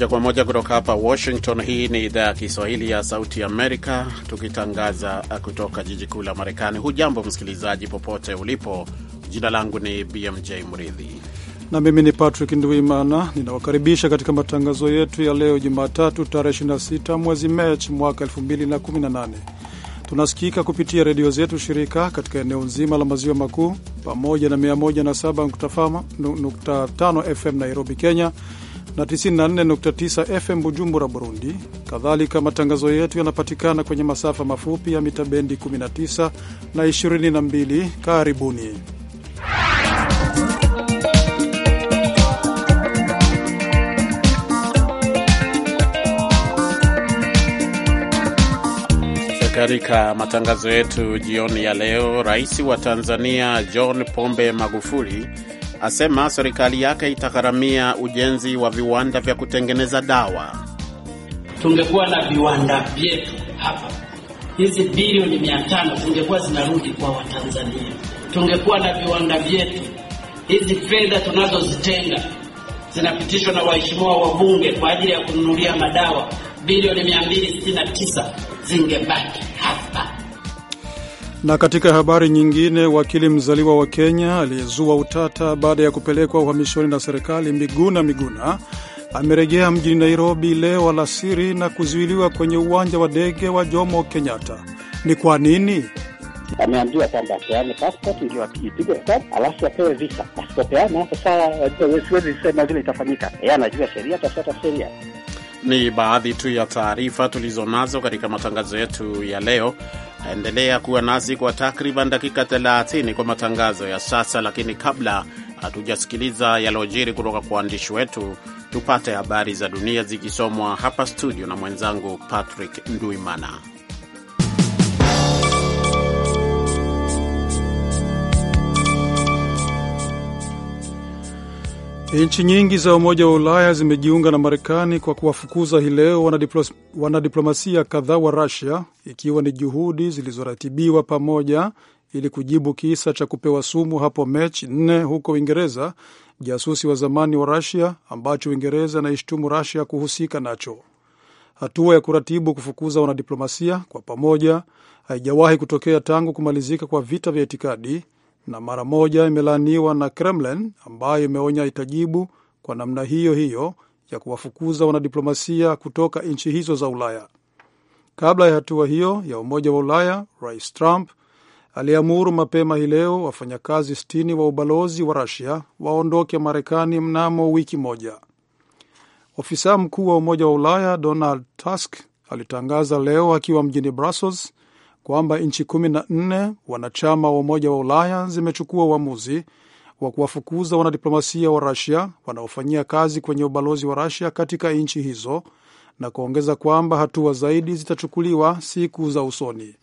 moja kwa moja kutoka hapa Washington. Hii ni idhaa ya Kiswahili ya Sauti Amerika, tukitangaza kutoka jiji kuu la Marekani. Hujambo msikilizaji, popote ulipo. Jina langu ni BMJ Mridhi na mimi ni Patrick Nduimana. ninawakaribisha katika matangazo yetu ya leo Jumatatu tarehe 26 mwezi Machi mwaka 2018. Tunasikika kupitia redio zetu shirika katika eneo nzima la maziwa makuu pamoja na 107.5 FM Nairobi, Kenya na 94.9 FM Bujumbura, Burundi. Kadhalika, matangazo yetu yanapatikana kwenye masafa mafupi ya mita bendi 19 na 22. Karibuni. Katika matangazo yetu jioni ya leo, rais wa Tanzania John Pombe Magufuli asema serikali yake itagharamia ujenzi wa viwanda vya kutengeneza dawa. Tungekuwa na viwanda vyetu hapa, hizi bilioni mia tano zingekuwa zinarudi kwa Watanzania. Tungekuwa na viwanda vyetu, hizi fedha tunazozitenga zinapitishwa na waheshimiwa wabunge kwa ajili ya kununulia madawa bilioni 269 zingebaki hapa. Na katika habari nyingine, wakili mzaliwa wa Kenya aliyezua utata baada ya kupelekwa uhamishoni na serikali Miguna Miguna amerejea mjini Nairobi leo alasiri na kuzuiliwa kwenye uwanja wa ndege wa Jomo Kenyatta. Ni kwa nini? Ameambiwa kwamba apeane passport ndio ipige stop, alafu apewe visa. Asipopeana sasa, eh, siwezi sema vile itafanyika. Yeye anajua sheria, atafuata sheria. Ni baadhi tu ya taarifa tulizonazo katika matangazo yetu ya leo. Endelea kuwa nasi kwa takriban dakika 30 kwa matangazo ya sasa, lakini kabla hatujasikiliza yalojiri kutoka kwa waandishi wetu, tupate habari za dunia zikisomwa hapa studio na mwenzangu Patrick Nduimana. Nchi nyingi za Umoja wa Ulaya zimejiunga na Marekani kwa kuwafukuza hii leo wanadiplomasia kadhaa wa Rusia, ikiwa ni juhudi zilizoratibiwa pamoja ili kujibu kisa cha kupewa sumu hapo Mechi nne huko Uingereza, jasusi wa zamani wa Rusia ambacho Uingereza inaishtumu Rusia kuhusika nacho. Hatua ya kuratibu kufukuza wanadiplomasia kwa pamoja haijawahi kutokea tangu kumalizika kwa vita vya itikadi na mara moja imelaaniwa na Kremlin ambayo imeonya itajibu kwa namna hiyo hiyo ya kuwafukuza wanadiplomasia kutoka nchi hizo za Ulaya. Kabla ya hatua hiyo ya Umoja wa Ulaya, Rais Trump aliamuru mapema hii leo wafanyakazi sitini wa ubalozi wa Rusia waondoke Marekani mnamo wiki moja. Ofisa mkuu wa Umoja wa Ulaya Donald Tusk alitangaza leo akiwa mjini Brussels kwamba nchi kumi na nne wanachama wa Umoja wa Ulaya zimechukua uamuzi wa kuwafukuza wanadiplomasia wa Rusia wanaofanyia kazi kwenye ubalozi wa Rusia katika nchi hizo na kuongeza kwamba hatua zaidi zitachukuliwa siku za usoni.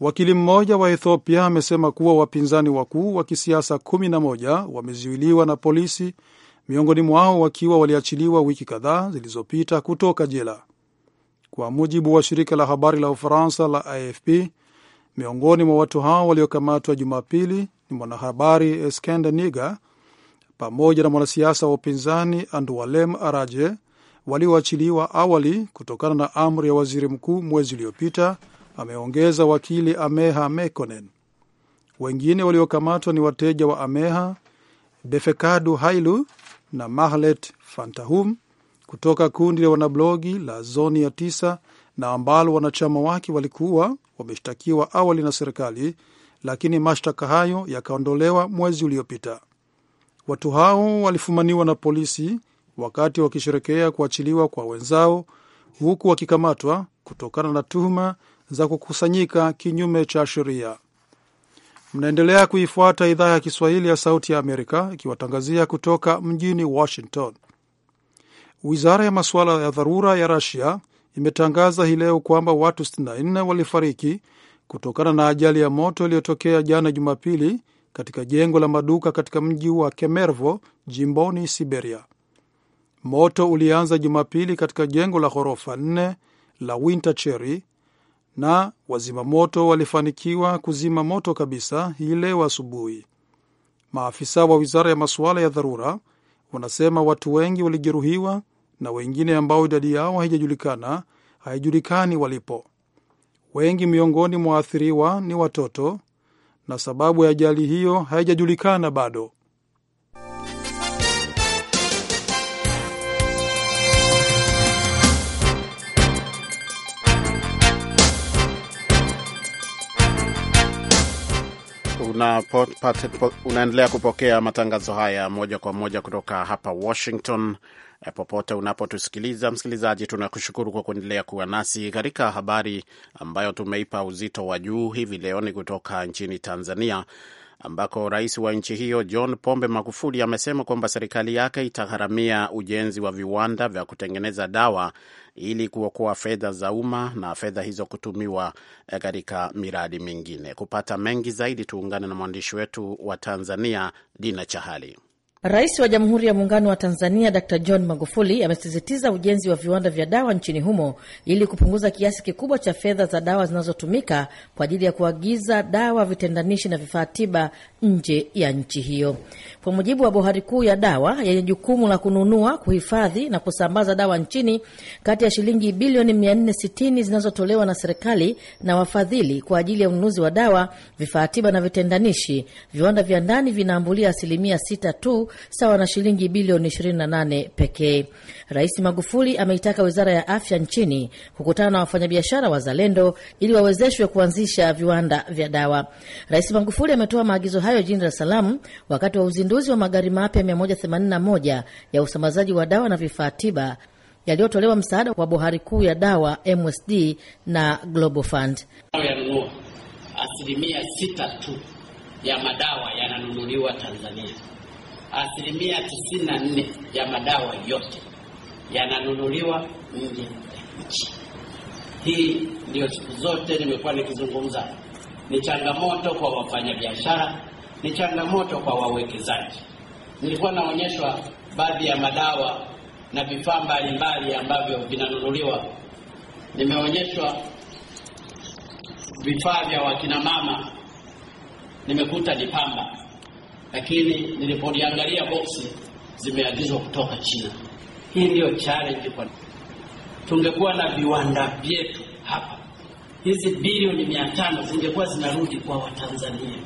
Wakili mmoja wa Ethiopia amesema kuwa wapinzani wakuu wa kisiasa kumi na moja wamezuiliwa na polisi, miongoni mwao wakiwa waliachiliwa wiki kadhaa zilizopita kutoka jela kwa mujibu wa shirika la habari la Ufaransa la AFP. Miongoni mwa watu hao waliokamatwa Jumapili ni mwanahabari Eskender Niga pamoja na mwanasiasa wa upinzani Andualem Araje walioachiliwa awali kutokana na amri ya waziri mkuu mwezi uliopita, ameongeza wakili Ameha Mekonen. Wengine waliokamatwa ni wateja wa Ameha, Befekadu Hailu na Mahlet Fantahum kutoka kundi la wanablogi la Zoni ya Tisa na ambalo wanachama wake walikuwa wameshtakiwa awali na serikali, lakini mashtaka hayo yakaondolewa mwezi uliopita. Watu hao walifumaniwa na polisi wakati wakisherekea kuachiliwa kwa wenzao, huku wakikamatwa kutokana na tuhuma za kukusanyika kinyume cha sheria. Mnaendelea kuifuata idhaa ya Kiswahili ya Sauti ya Amerika ikiwatangazia kutoka mjini Washington. Wizara ya masuala ya dharura ya rasia imetangaza hii leo kwamba watu 64 walifariki kutokana na ajali ya moto iliyotokea jana Jumapili katika jengo la maduka katika mji wa Kemervo jimboni Siberia. Moto ulianza Jumapili katika jengo la ghorofa nne la Winter Cherry na wazima moto walifanikiwa kuzima moto kabisa hii leo asubuhi. Maafisa wa wizara ya masuala ya dharura wanasema watu wengi walijeruhiwa na wengine ambao idadi yao haijajulikana haijulikani walipo. Wengi miongoni mwa waathiriwa ni watoto, na sababu ya ajali hiyo haijajulikana bado. unaendelea kupokea matangazo haya moja kwa moja kutoka hapa Washington. Eh, popote unapotusikiliza msikilizaji, tunakushukuru kwa kuendelea kuwa nasi katika habari ambayo tumeipa uzito wa juu hivi leo. Ni kutoka nchini Tanzania ambako rais wa nchi hiyo John Pombe Magufuli amesema kwamba serikali yake itagharamia ujenzi wa viwanda vya kutengeneza dawa ili kuokoa fedha za umma na fedha hizo kutumiwa eh, katika miradi mingine. Kupata mengi zaidi, tuungane na mwandishi wetu wa Tanzania, Dina Chahali. Rais wa Jamhuri ya Muungano wa Tanzania Dr John Magufuli amesisitiza ujenzi wa viwanda vya dawa nchini humo ili kupunguza kiasi kikubwa cha fedha za dawa zinazotumika kwa ajili ya kuagiza dawa, vitendanishi na vifaa tiba nje ya nchi hiyo. Kwa mujibu wa Bohari Kuu ya Dawa yenye jukumu la kununua, kuhifadhi na kusambaza dawa nchini, kati ya shilingi bilioni 460 zinazotolewa na serikali na wafadhili kwa ajili ya ununuzi wa dawa, vifaa tiba na vitendanishi, viwanda vya ndani vinaambulia asilimia 6 tu sawa na shilingi bilioni 28 pekee. Rais Magufuli ameitaka wizara ya afya nchini kukutana na wafanyabiashara wazalendo ili wawezeshwe kuanzisha viwanda vya dawa. Rais Magufuli ametoa maagizo hayo jijini Dar es Salaam wakati wa uzinduzi wa magari mapya 181 ya usambazaji wa dawa na vifaa tiba yaliyotolewa msaada wa bohari kuu ya dawa MSD na Global Fund. Asilimia sita tu ya madawa yananunuliwa Tanzania asilimia 94 ya madawa yote yananunuliwa nje ya nchi. Hii ndiyo siku zote nimekuwa nikizungumza, ni changamoto kwa wafanyabiashara, ni changamoto kwa wawekezaji. Nilikuwa naonyeshwa baadhi ya madawa na vifaa mbalimbali ambavyo vinanunuliwa. Nimeonyeshwa vifaa vya wakinamama nimekuta ni pamba lakini nilipoliangalia boksi zimeagizwa kutoka China. Hii ndiyo challenge kwa tungekuwa na viwanda vyetu hapa, hizi bilioni mia tano zingekuwa zinarudi kwa Watanzania.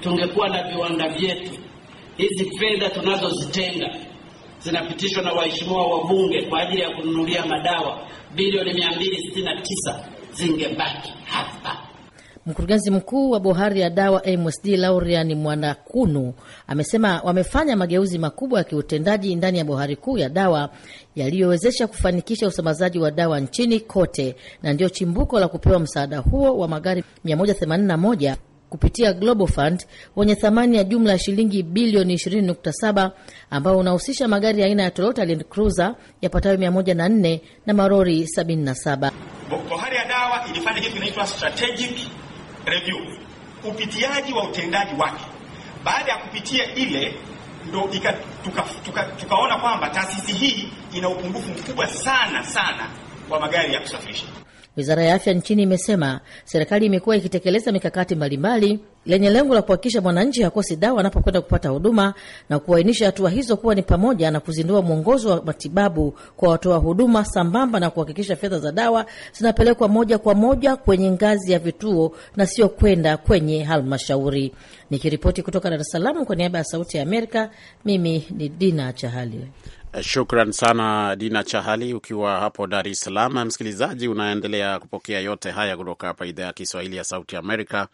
Tungekuwa na viwanda vyetu, hizi fedha tunazozitenga zinapitishwa na waheshimiwa wabunge kwa ajili ya kununulia madawa bilioni mia mbili sitini na tisa zingebaki hapa. Mkurugenzi mkuu wa bohari ya dawa MSD Laurian Mwanakunu amesema wamefanya mageuzi makubwa ya kiutendaji ndani ya bohari kuu ya dawa yaliyowezesha kufanikisha usambazaji wa dawa nchini kote, na ndiyo chimbuko la kupewa msaada huo wa magari 181 kupitia Global Fund wenye thamani ya jumla ya shilingi bilioni 20.7 ambao unahusisha magari aina ya Toyota Land Cruiser yapatayo 104 na marori 77. Bohari ya dawa ilifanya kitu kinaitwa strategic review, upitiaji wa utendaji wake. Baada ya kupitia ile ndo tukaona tuka, tuka kwamba taasisi hii ina upungufu mkubwa sana sana wa magari ya kusafirisha. Wizara ya afya nchini imesema serikali imekuwa ikitekeleza mikakati mbalimbali lenye lengo la kuhakikisha mwananchi hakosi dawa anapokwenda kupata huduma na kuainisha hatua hizo kuwa ni pamoja na kuzindua mwongozo wa matibabu kwa watoa huduma sambamba na kuhakikisha fedha za dawa zinapelekwa moja kwa moja kwenye ngazi ya vituo na sio kwenda kwenye halmashauri. Nikiripoti kutoka Dar es Salaam kwa niaba ya Sauti ya Amerika, mimi ni Dina Chahali. Eh, shukran sana Dina Chahali, ukiwa hapo Dar es Salaam. Msikilizaji, unaendelea kupokea yote haya kutoka hapa idhaa ya Kiswahili ya Sauti Amerika,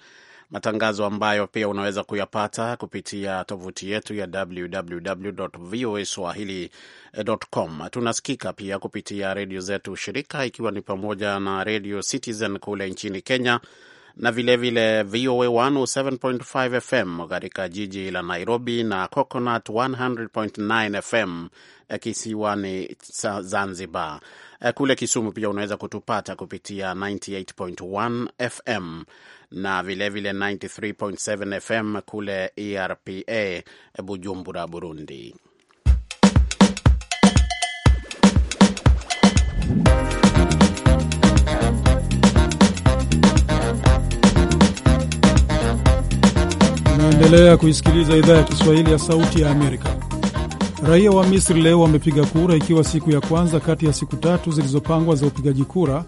matangazo ambayo pia unaweza kuyapata kupitia tovuti yetu ya www voa swahili.com. Tunasikika pia kupitia redio zetu shirika, ikiwa ni pamoja na Redio Citizen kule nchini Kenya, na vilevile VOA 107.5 FM katika jiji la Nairobi na Coconut 100.9 FM eh, kisiwani Zanzibar. Eh, kule Kisumu pia unaweza kutupata kupitia 98.1 FM na vilevile 93.7 FM kule ERPA eh, Bujumbura, Burundi. Unaendelea kuisikiliza idhaa ya Kiswahili ya Sauti ya Amerika. Raia wa Misri leo wamepiga kura, ikiwa siku ya kwanza kati ya siku tatu zilizopangwa za upigaji kura,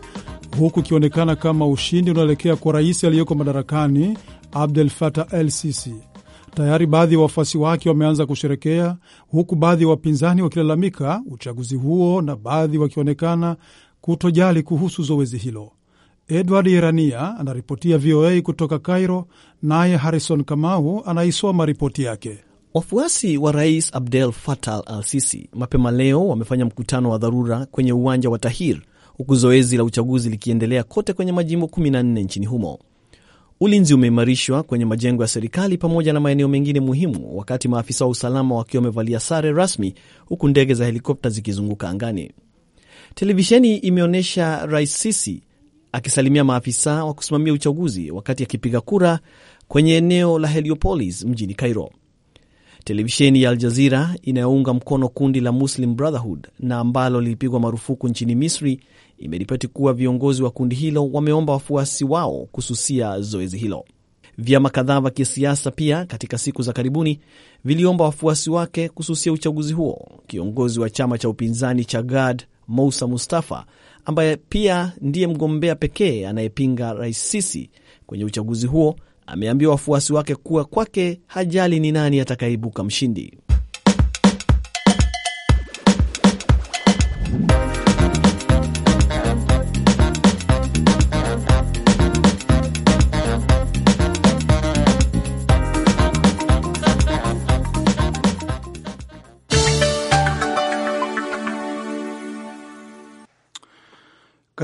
huku ikionekana kama ushindi unaelekea kwa rais aliyeko madarakani Abdel Fattah El Sisi. Tayari baadhi ya wafuasi wake wameanza kusherekea, huku baadhi ya wapinzani wakilalamika uchaguzi huo na baadhi wakionekana kutojali kuhusu zoezi hilo. Edward Yerania anaripotia VOA kutoka Cairo, naye Harrison Kamau anaisoma ripoti yake. Wafuasi wa Rais Abdel Fattah al-Sisi mapema leo wamefanya mkutano wa dharura kwenye uwanja wa tahir huku zoezi la uchaguzi likiendelea kote kwenye majimbo 14 nchini humo. Ulinzi umeimarishwa kwenye majengo ya serikali pamoja na maeneo mengine muhimu, wakati maafisa wa usalama wakiwa wamevalia sare rasmi, huku ndege za helikopta zikizunguka angani. Televisheni imeonyesha Rais Sisi akisalimia maafisa wa kusimamia uchaguzi wakati akipiga kura kwenye eneo la Heliopolis mjini Cairo. Televisheni ya Aljazira inayounga mkono kundi la Muslim Brotherhood na ambalo lilipigwa marufuku nchini Misri imeripoti kuwa viongozi wa kundi hilo wameomba wafuasi wao kususia zoezi hilo. Vyama kadhaa vya kisiasa pia katika siku za karibuni viliomba wafuasi wake kususia uchaguzi huo. Kiongozi wa chama cha upinzani cha GAD Mousa Mustafa ambaye pia ndiye mgombea pekee anayepinga Rais Sisi kwenye uchaguzi huo, ameambia wafuasi wake kuwa kwake hajali ni nani atakayeibuka mshindi.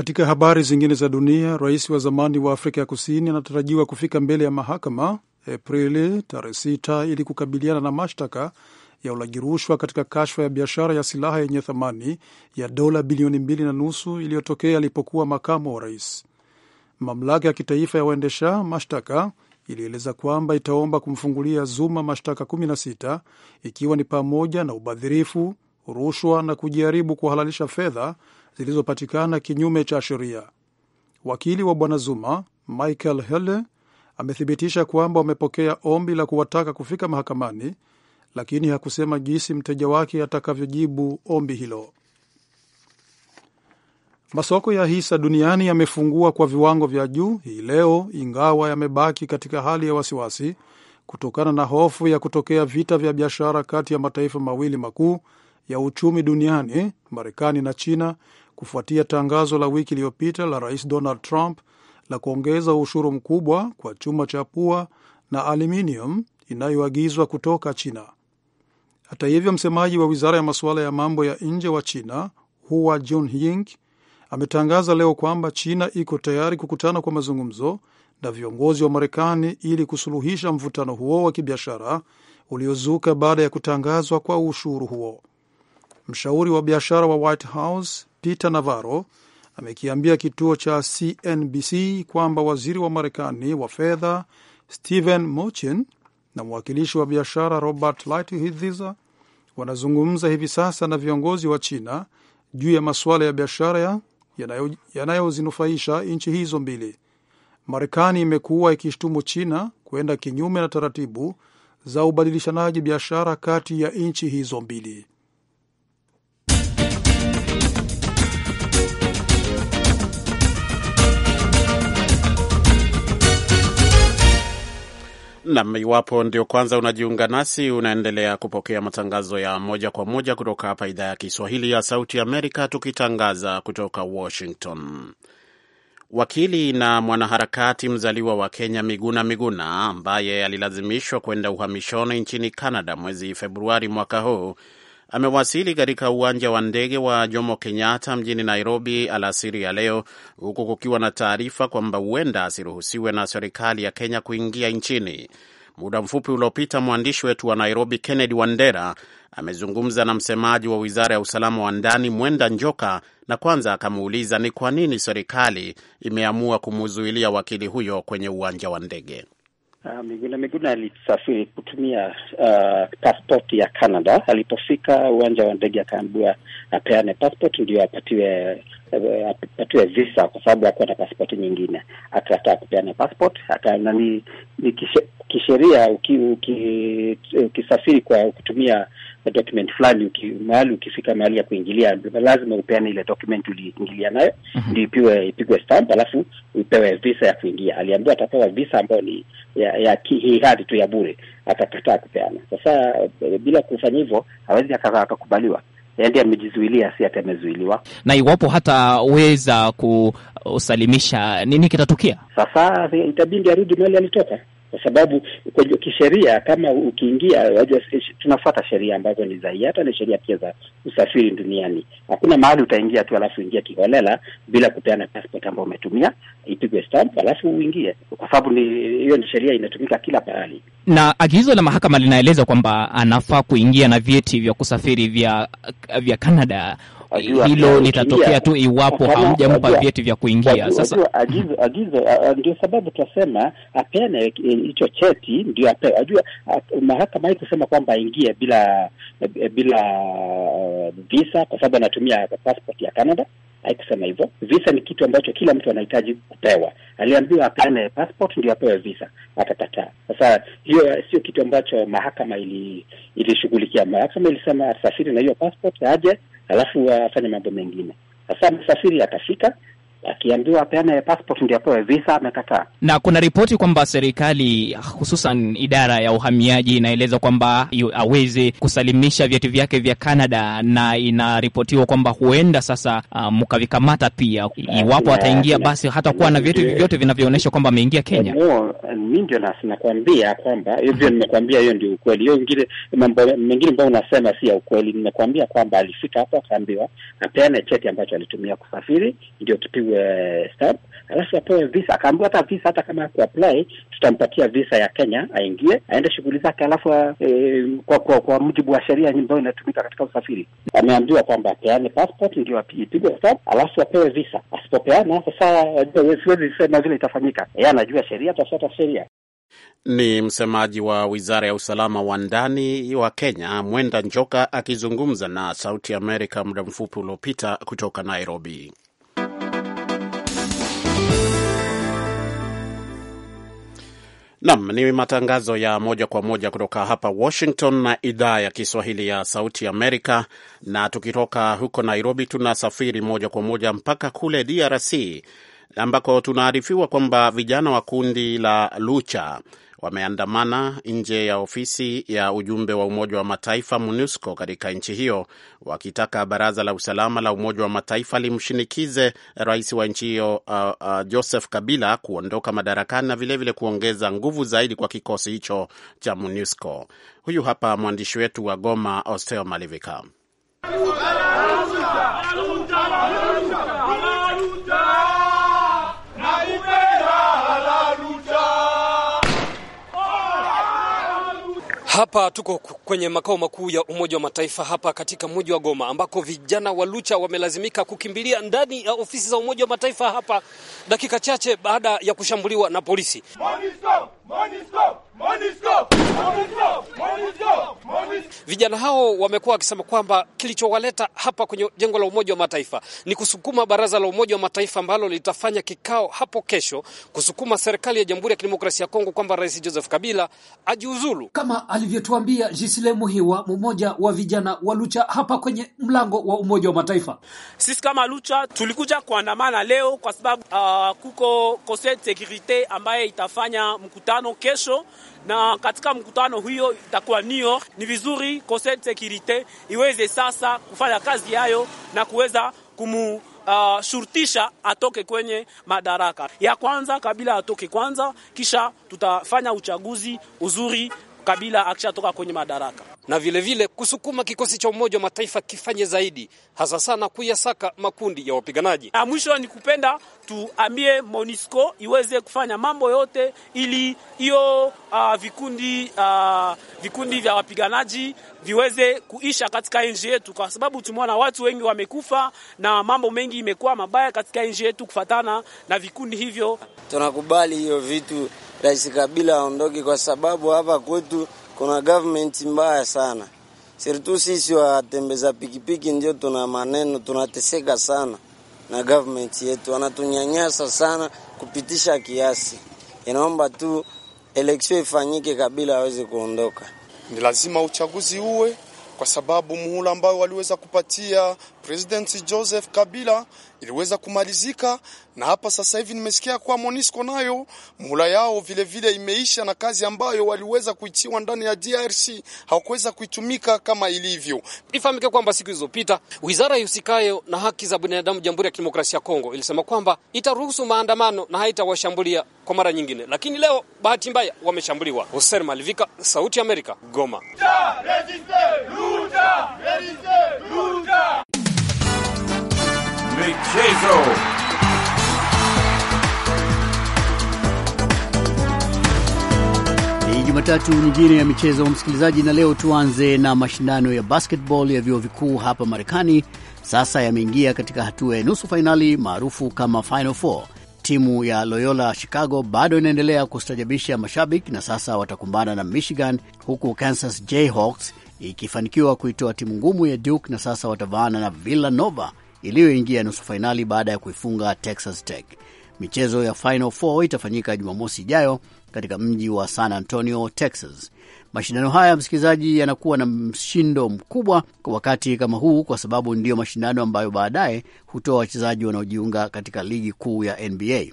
Katika habari zingine za dunia, rais wa zamani wa Afrika ya Kusini anatarajiwa kufika mbele ya mahakama Aprili tarehe 6 ili kukabiliana na mashtaka ya ulaji rushwa katika kashfa ya biashara ya silaha yenye thamani ya dola bilioni mbili na nusu iliyotokea alipokuwa makamu wa rais. Mamlaka ya kitaifa ya waendesha mashtaka ilieleza kwamba itaomba kumfungulia Zuma mashtaka 16 ikiwa ni pamoja na ubadhirifu, rushwa na kujaribu kuhalalisha fedha zilizopatikana kinyume cha sheria. Wakili wa bwana Zuma Michael Hele amethibitisha kwamba wamepokea ombi la kuwataka kufika mahakamani, lakini hakusema jinsi mteja wake atakavyojibu ombi hilo. Masoko ya hisa duniani yamefungua kwa viwango vya juu hii leo, ingawa yamebaki katika hali ya wasiwasi kutokana na hofu ya kutokea vita vya biashara kati ya mataifa mawili makuu ya uchumi duniani, Marekani na China, kufuatia tangazo la wiki iliyopita la Rais Donald Trump la kuongeza ushuru mkubwa kwa chuma cha pua na aluminium inayoagizwa kutoka China. Hata hivyo, msemaji wa wizara ya masuala ya mambo ya nje wa China Hua Junhying ametangaza leo kwamba China iko tayari kukutana kwa mazungumzo na viongozi wa Marekani ili kusuluhisha mvutano huo wa kibiashara uliozuka baada ya kutangazwa kwa ushuru huo. Mshauri wa biashara wa White House Peter Navarro amekiambia kituo cha CNBC kwamba waziri wa Marekani wa fedha stephen Mnuchin na mwakilishi wa biashara Robert Lighthizer wanazungumza hivi sasa na viongozi wa China juu ya masuala ya biashara yanayozinufaisha yanayo nchi hizo mbili. Marekani imekuwa ikishtumu China kwenda kinyume na taratibu za ubadilishanaji biashara kati ya nchi hizo mbili. Nam, iwapo ndio kwanza unajiunga nasi, unaendelea kupokea matangazo ya moja kwa moja kutoka hapa idhaa ya Kiswahili ya Sauti Amerika, tukitangaza kutoka Washington. Wakili na mwanaharakati mzaliwa wa Kenya Miguna Miguna ambaye alilazimishwa kwenda uhamishoni nchini Canada mwezi Februari mwaka huu amewasili katika uwanja wa ndege wa Jomo Kenyatta mjini Nairobi alasiri ya leo, huku kukiwa na taarifa kwamba huenda asiruhusiwe na serikali ya Kenya kuingia nchini. Muda mfupi uliopita mwandishi wetu wa Nairobi, Kennedy Wandera, amezungumza na msemaji wa wizara ya usalama wa ndani Mwenda Njoka, na kwanza akamuuliza ni kwa nini serikali imeamua kumuzuilia wakili huyo kwenye uwanja wa ndege. Ah, Miguna Miguna alisafiri kutumia uh, ah, paspoti ya Canada. Alipofika uwanja wa ndege akaambiwa apeane paspoti ndio apatiwe Eh, atue visa kwa sababu ya na paspoti nyingine, akakataa kupeana passport Ni kisheria ukisafiri kwa kutumia document fulani, mahali ukifika mahali ya kuingilia, lazima upeane ile document uliingilia nayo, mhm. ndio ipiwe ipigwe stamp, alafu upewe visa ya kuingia. Aliambiwa atapewa visa ambayo ni ya, ya tu ya bure, akakataa kupeana. Sasa eh, bila kufanya hivyo hawezi akakubaliwa yeye yaani ndiye amejizuilia, si ati amezuiliwa. Na iwapo hataweza kusalimisha, nini kitatukia? Sasa itabidi arudi mali alitoka kwa sababu kwa kisheria kama ukiingia, wajua tunafuata sheria ambazo ni za hata ni sheria pia za usafiri duniani. Hakuna mahali utaingia tu alafu ingia kiholela bila kupeana passport ambayo umetumia, ipigwe stamp alafu uingie, kwa sababu ni hiyo ni sheria inatumika kila pahali. Na agizo la mahakama linaeleza kwamba anafaa kuingia na vyeti vya kusafiri vya vya Canada hilo litatokea tu iwapo hamjampa vyeti vya kuingia. Sasa agizo agizo, ndio sababu tunasema apeane e, hicho cheti, ndio ajua mahakama hii kusema kwamba aingie bila e, bila e, visa, kwa sababu anatumia passport ya Canada. Haikusema hivyo. Visa ni kitu ambacho kila mtu anahitaji kupewa. Aliambiwa apeane passport ndio apewe visa, akakataa. Sasa hiyo sio kitu ambacho mahakama ili- ilishughulikia. Mahakama ilisema asafiri na hiyo passport aje alafu afanye mambo mengine. Sasa msafiri atafika akiambiwa apeane passport ndio apewe visa, amekataa. Na kuna ripoti kwamba serikali hususan idara ya uhamiaji inaeleza kwamba aweze kusalimisha vyeti vyake vya Canada, na inaripotiwa kwamba huenda sasa uh, mkavikamata pia iwapo ataingia, basi hata kuwa na vyeti vyote vinavyoonyesha kwamba ameingia Kenya. Mi ndio nakwambia kwamba hivyo, nimekuambia hiyo ndio ukweli. Hiyo ingine mambo mengine ambayo unasema si ya ukweli. Nimekuambia kwamba alifika hapo akaambiwa apeane cheti ambacho alitumia kusafiri, ndio kipigwe step eh, alafu apewe visa, akaambiwa hata visa, hata kama akuapply tutampatia visa ya Kenya, aingie aende shughuli zake, alafu eh, kwa, kwa kwa mujibu wa sheria ambayo inatumika katika usafiri ameambiwa kwamba apeane passport ndio ipigwe step, alafu apewe visa. Asipopeana sasa, eh, siwezi sema vile itafanyika, yeye anajua sheria, tafuata sheria. Ni msemaji wa wizara ya usalama wa ndani wa Kenya, Mwenda Njoka, akizungumza na Sauti Amerika muda mfupi uliopita kutoka Nairobi. Nam ni matangazo ya moja kwa moja kutoka hapa Washington na idhaa ya Kiswahili ya Sauti Amerika. Na tukitoka huko Nairobi, tunasafiri moja kwa moja mpaka kule DRC ambako tunaarifiwa kwamba vijana wa kundi la Lucha wameandamana nje ya ofisi ya ujumbe wa Umoja wa Mataifa MONUSCO katika nchi hiyo wakitaka Baraza la Usalama la Umoja wa Mataifa limshinikize rais wa nchi hiyo uh, uh, Joseph Kabila kuondoka madarakani na vilevile kuongeza nguvu zaidi kwa kikosi hicho cha MONUSCO. Huyu hapa mwandishi wetu wa Goma, Osteo Malivika. Hapa tuko kwenye makao makuu ya Umoja wa Mataifa hapa katika mji wa Goma, ambako vijana wa Lucha wamelazimika kukimbilia ndani ya ofisi za Umoja wa Mataifa hapa dakika chache baada ya kushambuliwa na polisi Monisco, Monisco. Vijana hao wamekuwa wakisema kwamba kilichowaleta hapa kwenye jengo la Umoja wa Mataifa ni kusukuma baraza la Umoja wa Mataifa ambalo litafanya kikao hapo kesho, kusukuma serikali ya Jamhuri ya Kidemokrasia ya Kongo kwamba Rais Joseph Kabila ajiuzulu, kama alivyotuambia Jisile Muhiwa, mmoja wa vijana wa Lucha hapa kwenye mlango wa Umoja wa Mataifa. Sisi kama Lucha tulikuja kuandamana leo kwa sababu uh, kuko Conseil de Securite ambaye itafanya mkutano kesho na katika mkutano huyo itakuwa nio, ni vizuri Conseil de Securite iweze sasa kufanya kazi yayo na kuweza kumu Uh, shurutisha atoke kwenye madaraka ya kwanza, Kabila atoke kwanza, kisha tutafanya uchaguzi uzuri Kabila akishatoka kwenye madaraka na vilevile vile kusukuma kikosi cha Umoja wa Mataifa kifanye zaidi, hasa sana kuyasaka makundi ya wapiganaji. Na ah, mwisho ni kupenda tuambie MONUSCO iweze kufanya mambo yote ili hiyo uh, vikundi uh, vikundi vya wapiganaji viweze kuisha katika nchi yetu, kwa sababu tumeona watu wengi wamekufa na mambo mengi imekuwa mabaya katika nchi yetu kufatana na vikundi hivyo. Tunakubali hiyo vitu, Rais Kabila aondoke, kwa sababu hapa kwetu kuna government mbaya sana, sirtu sisi watembeza pikipiki ndio tuna maneno, tunateseka sana na government yetu, wanatunyanyasa sana kupitisha kiasi. Inaomba tu election ifanyike, Kabila aweze kuondoka. Ni lazima uchaguzi uwe, kwa sababu muhula ambao waliweza kupatia President Joseph Kabila iliweza kumalizika, na hapa sasa hivi nimesikia kwa Monisco nayo muhula yao vilevile vile imeisha, na kazi ambayo waliweza kuitiwa ndani ya DRC hawakuweza kuitumika kama ilivyo. Ifahamike kwamba siku zilizopita wizara ihusikayo na haki za binadamu Jamhuri ya Kidemokrasia ya Kongo ilisema kwamba itaruhusu maandamano na haitawashambulia kwa mara nyingine, lakini leo bahati mbaya wameshambuliwa. Hussein Malivika, Sauti ya Amerika, Goma. Ja, resiste, resiste, michezo. Jumatatu nyingine ya michezo msikilizaji, na leo tuanze na mashindano ya basketball ya vyuo vikuu hapa Marekani. Sasa yameingia katika hatua ya nusu fainali maarufu kama Final Four. Timu ya Loyola Chicago bado inaendelea kustajabisha mashabiki na sasa watakumbana na Michigan, huku Kansas Jayhawks ikifanikiwa kuitoa timu ngumu ya Duke na sasa watavaana na Villanova iliyoingia nusu fainali baada ya kuifunga Texas Tech. Michezo ya Final Four itafanyika Jumamosi ijayo katika mji wa San Antonio, Texas. Mashindano haya, msikilizaji, yanakuwa na mshindo mkubwa kwa wakati kama huu, kwa sababu ndiyo mashindano ambayo baadaye hutoa wachezaji wanaojiunga katika ligi kuu ya NBA.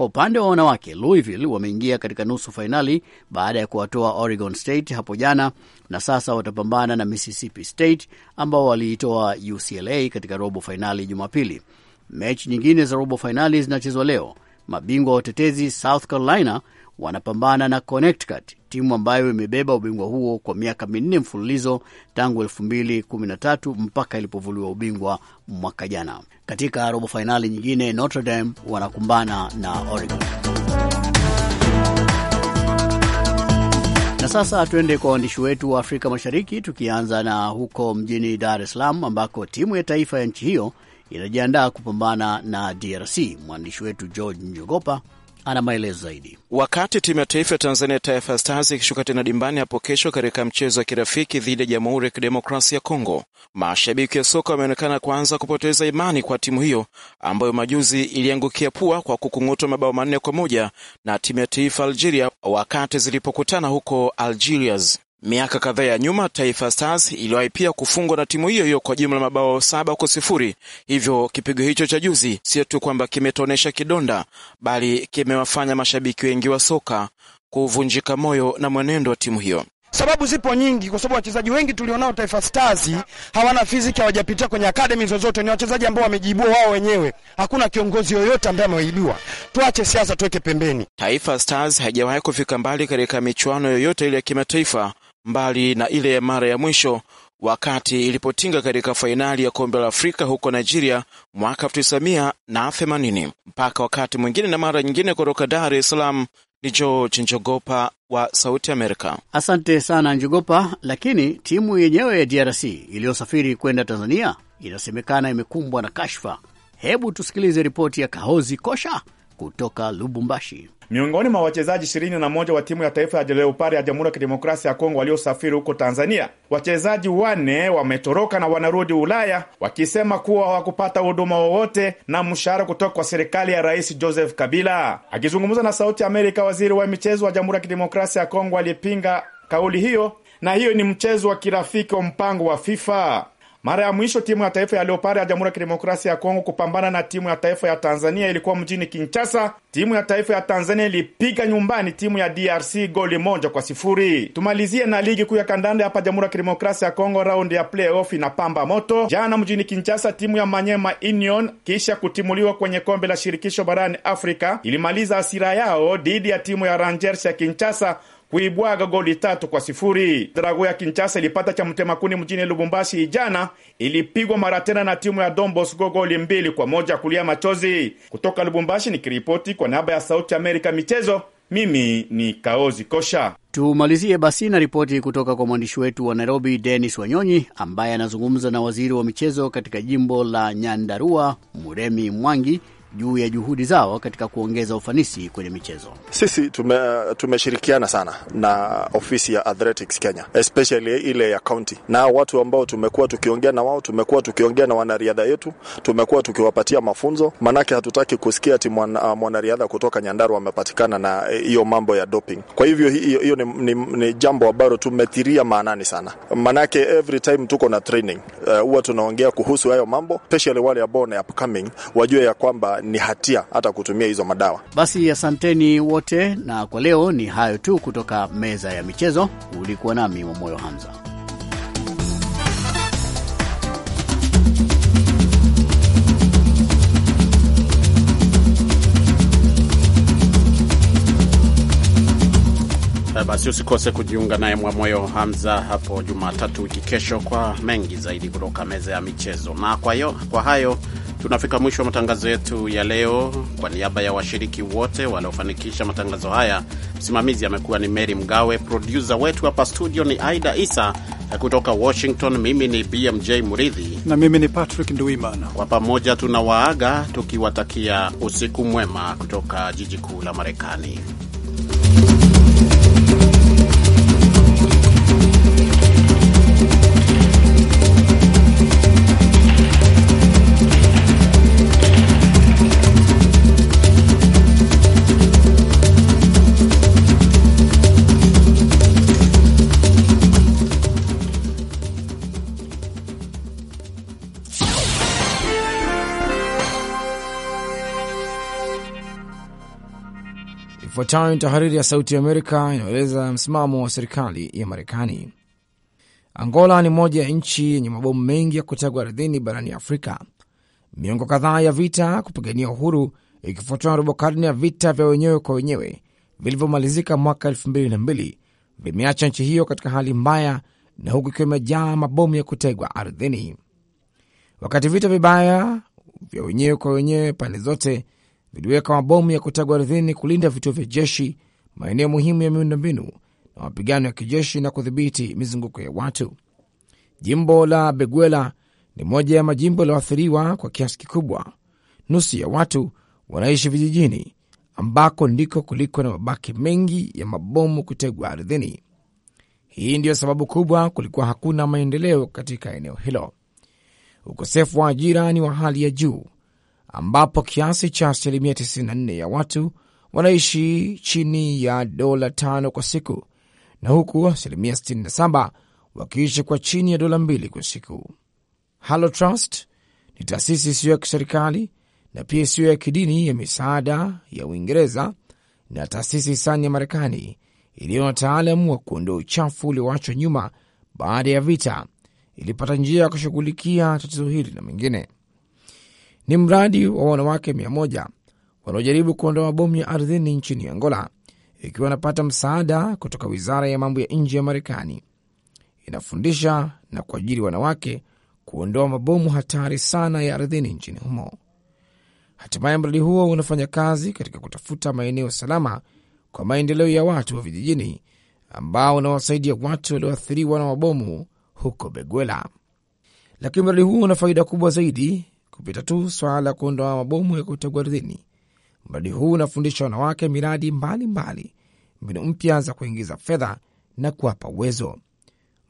Kwa upande wa wanawake, Louisville wameingia katika nusu fainali baada ya kuwatoa Oregon State hapo jana, na sasa watapambana na Mississippi State ambao waliitoa UCLA katika robo fainali Jumapili. Mechi nyingine za robo fainali zinachezwa leo. Mabingwa watetezi South Carolina wanapambana na Connecticut, timu ambayo imebeba ubingwa huo kwa miaka minne mfululizo tangu 2013 mpaka ilipovuliwa ubingwa mwaka jana. Katika robo fainali nyingine, Notre Dame wanakumbana na Oregon. Na sasa tuende kwa waandishi wetu wa Afrika Mashariki, tukianza na huko mjini Dar es Salaam ambako timu ya taifa ya nchi hiyo inajiandaa kupambana na DRC. Mwandishi wetu George Njogopa ana maelezo zaidi. Wakati timu ya taifa ya Tanzania, Taifa Stars, ikishuka tena dimbani hapo kesho katika mchezo wa kirafiki dhidi ya Jamhuri ya Kidemokrasia ya Kongo, mashabiki ya soka wameonekana kuanza kupoteza imani kwa timu hiyo ambayo majuzi iliangukia pua kwa kukung'utwa mabao manne kwa moja na timu ya taifa Algeria wakati zilipokutana huko Algerias. Miaka kadhaa ya nyuma Taifa Stars iliwahi pia kufungwa na timu hiyo hiyo kwa jumla mabao saba kwa sifuri. Hivyo kipigo hicho cha juzi sio tu kwamba kimetonesha kidonda, bali kimewafanya mashabiki wengi wa soka kuvunjika moyo na mwenendo wa timu hiyo. Sababu zipo nyingi, kwa sababu wachezaji wengi tulionao Taifa Stars hawana fiziki, hawajapitia kwenye akademi zozote, ni wachezaji ambao wamejiibua wao wenyewe. Hakuna kiongozi yoyote ambaye amewaibiwa. Tuache siasa, tuweke pembeni. Taifa Stars haijawahi kufika mbali katika michuano yoyote ile ya kimataifa, mbali na ile ya mara ya mwisho wakati ilipotinga katika fainali ya kombe la Afrika huko Nigeria mwaka 1980. Mpaka wakati mwingine na mara nyingine, kutoka Dar es Salaam ni George Njogopa wa Sauti Amerika. Asante sana Njogopa. Lakini timu yenyewe ya DRC iliyosafiri kwenda Tanzania inasemekana imekumbwa na kashfa. Hebu tusikilize ripoti ya Kahozi Kosha kutoka Lubumbashi. Miongoni mwa wachezaji 21 wa timu ya taifa ya Leopard ya Jamhuri ya Kidemokrasia ya Kongo waliosafiri huko Tanzania, wachezaji wanne wametoroka na wanarudi Ulaya wakisema kuwa hawakupata huduma wowote na mshahara kutoka kwa serikali ya Rais Joseph Kabila. Akizungumza na Sauti Amerika, waziri wa michezo wa Jamhuri ya Kidemokrasia ya Kongo alipinga kauli hiyo, na hiyo ni mchezo wa kirafiki wa mpango wa FIFA. Mara ya mwisho timu ya taifa ya Leopard ya Jamhuri ya Kidemokrasia ya Kongo kupambana na timu ya taifa ya Tanzania ilikuwa mjini Kinshasa. Timu ya taifa ya Tanzania ilipiga nyumbani timu ya DRC goli moja kwa sifuri. Tumalizie na ligi kuu ya kandanda hapa Jamhuri ya Kidemokrasia ya Kongo, raundi ya playoff inapamba moto. Jana mjini Kinshasa, timu ya Manyema Union kisha kutimuliwa kwenye kombe la shirikisho barani Afrika ilimaliza hasira yao dhidi ya timu ya Rangers ya Kinshasa kuibwaga goli tatu kwa sifuri. Drago ya Kinchasa ilipata cha mtemakuni mjini Lubumbashi ijana ilipigwa mara tena na timu ya Dombos go goli mbili kwa moja. Kulia machozi kutoka Lubumbashi, nikiripoti kwa niaba ya Sauti Amerika michezo, mimi ni Kaozi Kosha. Tumalizie basi na ripoti kutoka kwa mwandishi wetu wa Nairobi, Denis Wanyonyi, ambaye anazungumza na waziri wa michezo katika jimbo la Nyandarua, Muremi Mwangi, juu ya juhudi zao katika kuongeza ufanisi kwenye michezo. Sisi tumeshirikiana tume sana na ofisi ya Athletics Kenya, especially ile ya county, na watu ambao tumekuwa tukiongea na wao, tumekuwa tukiongea na wanariadha yetu, tumekuwa tukiwapatia mafunzo, maanake hatutaki kusikia ati uh, mwanariadha kutoka Nyandarua amepatikana na eh, hiyo mambo ya doping. Kwa hivyo hiyo ni, ni, ni jambo ambalo tumetiria maanani sana, maanake every time tuko na training eh, huwa uh, tunaongea kuhusu hayo mambo, especially wale ambao ni upcoming wajue ya kwamba ni hatia hata kutumia hizo madawa. Basi asanteni wote, na kwa leo ni hayo tu kutoka meza ya michezo. Ulikuwa nami Mwamoyo Hamza. Eh, basi usikose kujiunga naye Mwamoyo Hamza hapo Jumatatu wiki kesho kwa mengi zaidi kutoka meza ya michezo. Na kwa, yo, kwa hayo Tunafika mwisho wa matangazo yetu ya leo. Kwa niaba ya washiriki wote waliofanikisha matangazo haya, msimamizi amekuwa ni Mary Mgawe, produsa wetu hapa studio ni Aida Isa kutoka Washington. Mimi ni BMJ Muridhi na mimi ni Patrick Nduimana. Kwa pamoja tunawaaga tukiwatakia usiku mwema kutoka jiji kuu la Marekani. Ifuatayo ni tahariri ya Sauti ya Amerika inayoeleza msimamo wa serikali ya Marekani. Angola ni moja ya nchi yenye mabomu mengi ya kutegwa ardhini barani Afrika. Miongo kadhaa ya vita kupigania uhuru ikifuatiwa na robo karne ya vita vya wenyewe kwa wenyewe vilivyomalizika mwaka elfu mbili na mbili vimeacha nchi hiyo katika hali mbaya, na huku ikiwa imejaa mabomu ya kutegwa ardhini. Wakati vita vibaya vya wenyewe kwa wenyewe pande zote viliweka mabomu ya kutegwa ardhini kulinda vituo vya jeshi, maeneo muhimu ya miundombinu na mapigano ya kijeshi na kudhibiti mizunguko ya watu. Jimbo la Beguela ni moja ya majimbo yaliyoathiriwa kwa kiasi kikubwa. Nusu ya watu wanaishi vijijini ambako ndiko kuliko na mabaki mengi ya mabomu kutegwa ardhini. Hii ndiyo sababu kubwa kulikuwa hakuna maendeleo katika eneo hilo. Ukosefu wa ajira ni wa hali ya juu ambapo kiasi cha asilimia 94 ya watu wanaishi chini ya dola tano kwa siku na huku asilimia 67 wakiishi kwa chini ya dola mbili kwa siku. Halo Trust ni taasisi isiyo ya kiserikali na pia isiyo ya kidini ya misaada ya Uingereza na taasisi sani ya Marekani iliyo na wataalam wa kuondoa uchafu ulioachwa nyuma baada ya vita, ilipata njia ya kushughulikia tatizo hili na mengine ni mradi wa wanawake mia moja wanaojaribu kuondoa bomu ya ardhini nchini Angola, ikiwa wanapata msaada kutoka wizara ya mambo ya nje ya Marekani. Inafundisha na kuajiri wanawake kuondoa mabomu hatari sana ya ardhini nchini humo. Hatimaye mradi huo unafanya kazi katika kutafuta maeneo salama kwa maendeleo ya watu wa vijijini ambao unawasaidia watu walioathiriwa na mabomu huko Beguela. Lakini mradi huo una faida kubwa zaidi kupita tu swala la kuondoa mabomu ya kutegwa ardhini. Mradi huu unafundisha wanawake miradi mbalimbali, mbinu mpya za kuingiza fedha na kuwapa uwezo.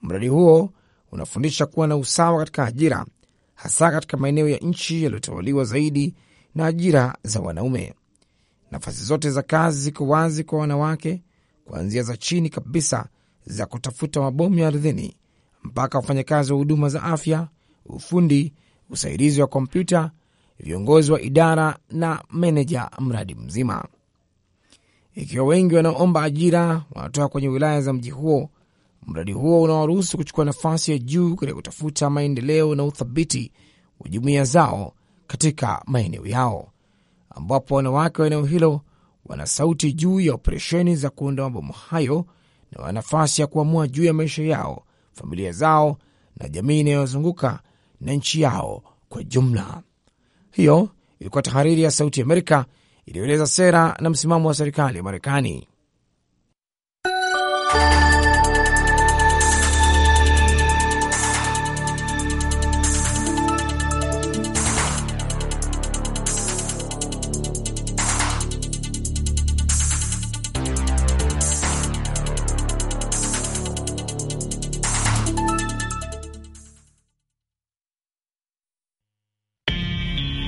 Mradi huo unafundisha kuwa na usawa katika ajira, hasa katika maeneo ya nchi yaliyotawaliwa zaidi na ajira za wanaume. Nafasi zote za kazi ziko wazi kwa wanawake, kuanzia za chini kabisa za kutafuta mabomu ya ardhini mpaka wafanyakazi wa huduma za afya, ufundi usaidizi wa kompyuta, viongozi wa idara na meneja mradi mzima. Ikiwa wengi wanaoomba ajira wanatoka kwenye wilaya za mji huo, mradi huo unawaruhusu kuchukua nafasi ya juu katika kutafuta maendeleo na uthabiti wa jumuiya zao katika maeneo yao, ambapo wanawake wa eneo hilo wana sauti juu ya operesheni za kuondoa mabomu hayo na wana nafasi ya kuamua juu ya maisha yao, familia zao na jamii inayozunguka na nchi yao kwa jumla. Hiyo ilikuwa tahariri ya Sauti Amerika iliyoeleza sera na msimamo wa serikali ya Marekani.